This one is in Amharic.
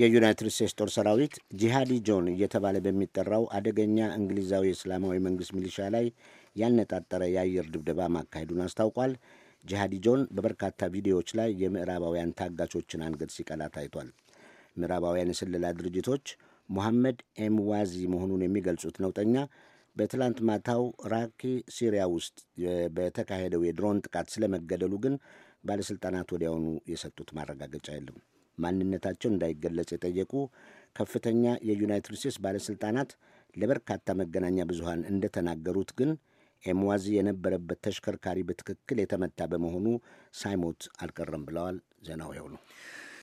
የዩናይትድ ስቴትስ ጦር ሰራዊት ጂሃዲ ጆን እየተባለ በሚጠራው አደገኛ እንግሊዛዊ እስላማዊ መንግሥት ሚሊሻ ላይ ያነጣጠረ የአየር ድብደባ ማካሄዱን አስታውቋል። ጂሃዲ ጆን በበርካታ ቪዲዮዎች ላይ የምዕራባውያን ታጋቾችን አንገት ሲቀላ ታይቷል። ምዕራባውያን የስለላ ድርጅቶች ኤም ኤምዋዚ መሆኑን የሚገልጹት ነውጠኛ በትላንት ማታው ራኪ ሲሪያ ውስጥ በተካሄደው የድሮን ጥቃት ስለመገደሉ ግን ባለሥልጣናት ወዲያውኑ የሰጡት ማረጋገጫ የለም። ማንነታቸው እንዳይገለጽ የጠየቁ ከፍተኛ የዩናይትድ ስቴትስ ባለሥልጣናት ለበርካታ መገናኛ ብዙሃን እንደተናገሩት ግን ኤምዋዚ የነበረበት ተሽከርካሪ በትክክል የተመታ በመሆኑ ሳይሞት አልቀረም ብለዋል። ዜናው ይኸው ነው።